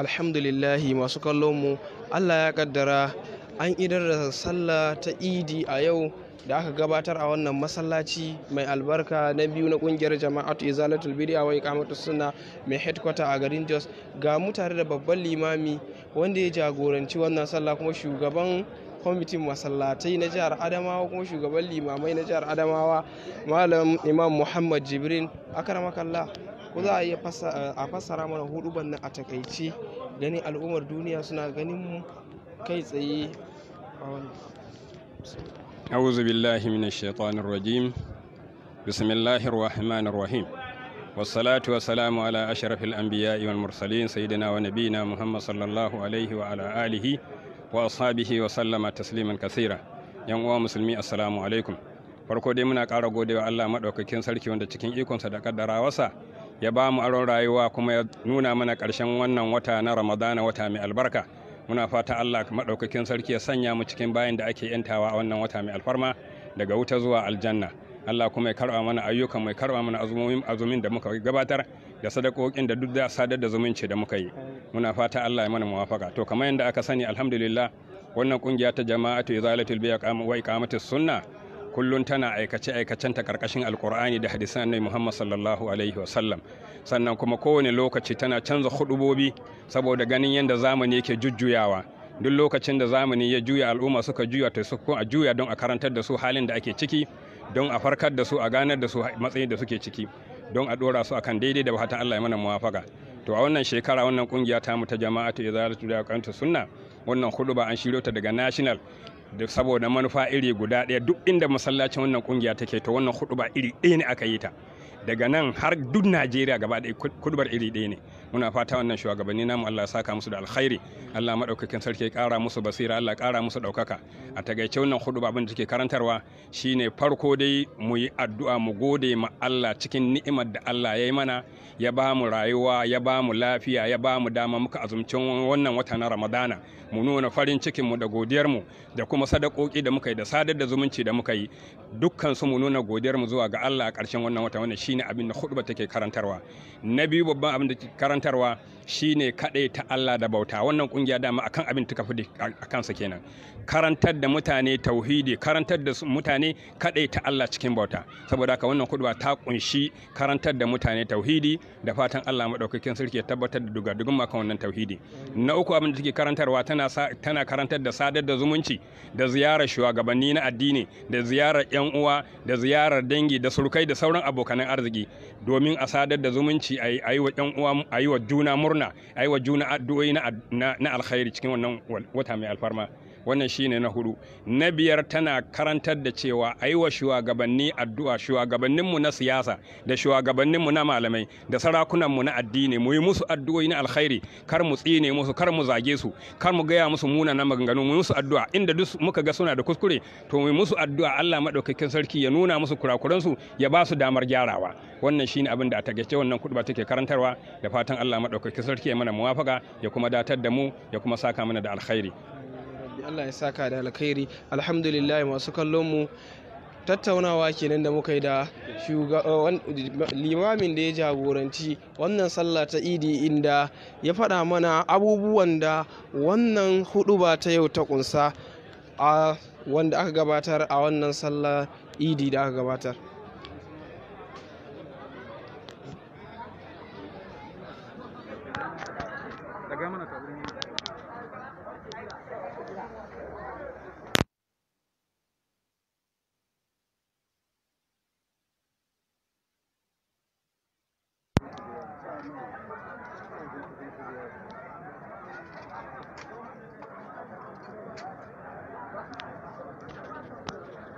alhamdulillahi masu kallon mu allah ya kaddara an idar da sallah ta idi a yau da aka gabatar a wannan masallaci mai albarka na biyu na kungiyar jama'atu izalatul bid'a wa iqamatu sunna mai headquarter a garin Jos ga mu tare da babban limami wanda ya jagoranci wannan sallah kuma shugaban kwamitin masallatai na jihar Adamawa kuma shugaban limamai na jihar Adamawa malam Imam Muhammad Jibrin akramakallah ko za a iya a fassara mana huduban nan a takaice gani al'ummar duniya suna ganin mu kai tsaye a wannan أعوذ rajim bismillahir rahmanir rahim بسم الله ala ashrafil anbiya wal mursalin sayyidina wa والمرسلين muhammad sallallahu alaihi wa ala alihi wa ashabihi wa sallama tasliman kaseera yan uwa musulmi assalamu alaikum farko dai muna ƙara godewa Allah maɗaukakin sarki wanda cikin ikonsa da ƙaddarawarsa ya ba mu aron rayuwa kuma ya nuna mana ƙarshen wannan wata na ramadana wata mai albarka muna fata allah maɗaukakin sarki ya sanya mu cikin bayan da ake yantawa a wannan wata mai alfarma daga wuta zuwa aljanna allah kuma ya karɓa mana ayyukan mai karɓa mana azumin da muka gabatar da sadakokin da duk da sadar da zumunci da muka yi muna fata allah ya mana muwafaka to kamar yadda aka sani alhamdulillah wannan kungiya ta jama'a jama'atu izalatul biya wa iqamatus sunna kullum tana aikace aikacen ta karkashin alkur'ani da hadisan nai Muhammad sallallahu alaihi wasallam sannan kuma kowane lokaci tana canza hudubobi saboda ganin yadda zamani yake jujjuyawa duk lokacin da zamani ya juya al'umma suka juya ta su a juya don a karantar da su halin da ake ciki don a farkar da su a ganar da su matsayin da suke ciki don a dora su akan daidai da fatan Allah ya mana muwafaka to a wannan shekara wannan kungiya ta mu ta jama'a ta izalatu da kanta sunna wannan huduba an shiryo ta daga national duk saboda manufa iri guda ɗaya duk inda masallacin wannan kungiya take to wannan hudu ba iri ɗaya ne aka yi ta daga nan har duk najeriya gaba ɗaya kudubar iri ɗaya ne muna fata wannan shugabanni namu allah saka musu da alkhairi allah maɗaukakin sarki ya ƙara musu basira allah kara musu ɗaukaka a tagaice wannan hudu abin da take karantarwa shine farko dai mu yi addu'a mu gode ma allah cikin ni'imar da allah ya yi mana ya ba mu rayuwa ya ba mu lafiya ya ba mu dama muka azumcin wannan wata na ramadana mu nuna farin cikin mu da godiyar mu da kuma sadakoki da muka yi da sadar da zumunci da muka yi dukkan su mu nuna godiyar mu zuwa ga allah a ƙarshen wannan wata wannan shine abin da hudu take karantarwa na biyu babban abin da karantarwa shine kaɗai ta Allah da bauta wannan kungiya dama akan abin ta kafi a kansa kenan karantar da mutane tauhidi karantar da mutane kaɗai ta Allah cikin bauta saboda haka wannan kuduwa ta kunshi karantar da mutane tauhidi da fatan Allah madaukakin sarki ya tabbatar da dugun makan wannan tauhidi na uku abin da take karantarwa tana karantar da sadar da zumunci da ziyarar shugabanni na addini da ziyarar yan uwa da ziyarar dangi da surukai da sauran abokanan arziki domin a sadar da zumunci a yi wa yan uwa a yi wa juna murna zauna a yi wa juna addu'o'i na alkhairi cikin wannan wata mai alfarma wannan shine na hudu na biyar tana karantar da cewa a yi wa shugabanni addu'a shugabanninmu na siyasa da shugabanninmu na malamai da sarakunanmu na addini mu yi musu addu'o'i na alkhairi kar mu tsine musu kar mu zage su kar mu gaya musu muna na maganganu mu yi musu addu'a inda duk muka ga suna da kuskure to mu yi musu addu'a Allah madaukakin sarki ya nuna musu kurakuransu ya ba su damar gyarawa wannan shine abin da a tagace wannan kudba take karantarwa da fatan Allah madaukakin sarki ya mana muwafaka ya kuma datar da mu ya kuma saka mana da alkhairi Allah ya saka da alkhairi alhamdulillah masu kallon mu tattaunawa kenan da muka yi da eh, limamin da ya jagoranci wannan sallah ta idi inda ya faɗa mana abubuwan da wannan ba ta yau ta kunsa a wanda aka gabatar a wannan sallah idi da aka gabatar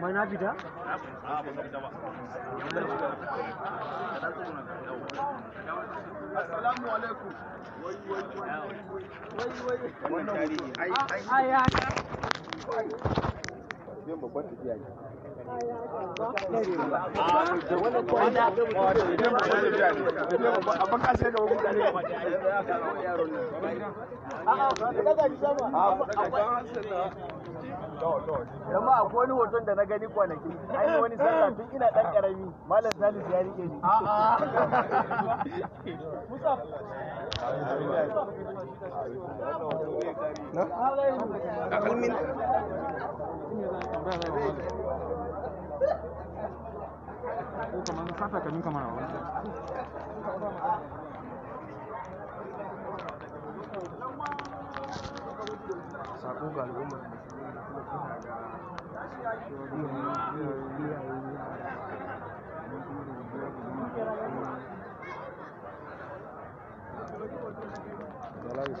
Mai na fita? assalamu alaikum Wai wai. ai ai ai ai Yamma akwai wani hoton da na gani kwanaki, ai wani sallah tun ina ɗan ƙarami, Malam Salisu ya rike ni. A'a. sako ga al'umma Gracias.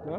Yawwa,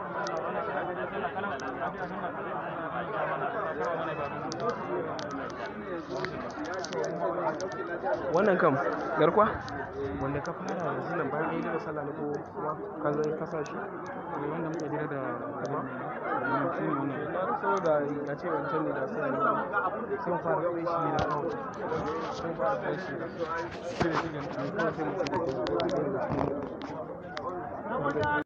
wannan kam garkuwa wanda ka fara da nan bayan ayi da sallah na kowa ka zai ka sa shi eh, wanda muke jira da kuma wannan shi ne wannan saboda a ce wancan ne da sai ne sun fara kai shi da kawo sun fara kai shi da kawo shi da kawo ne shi da kawo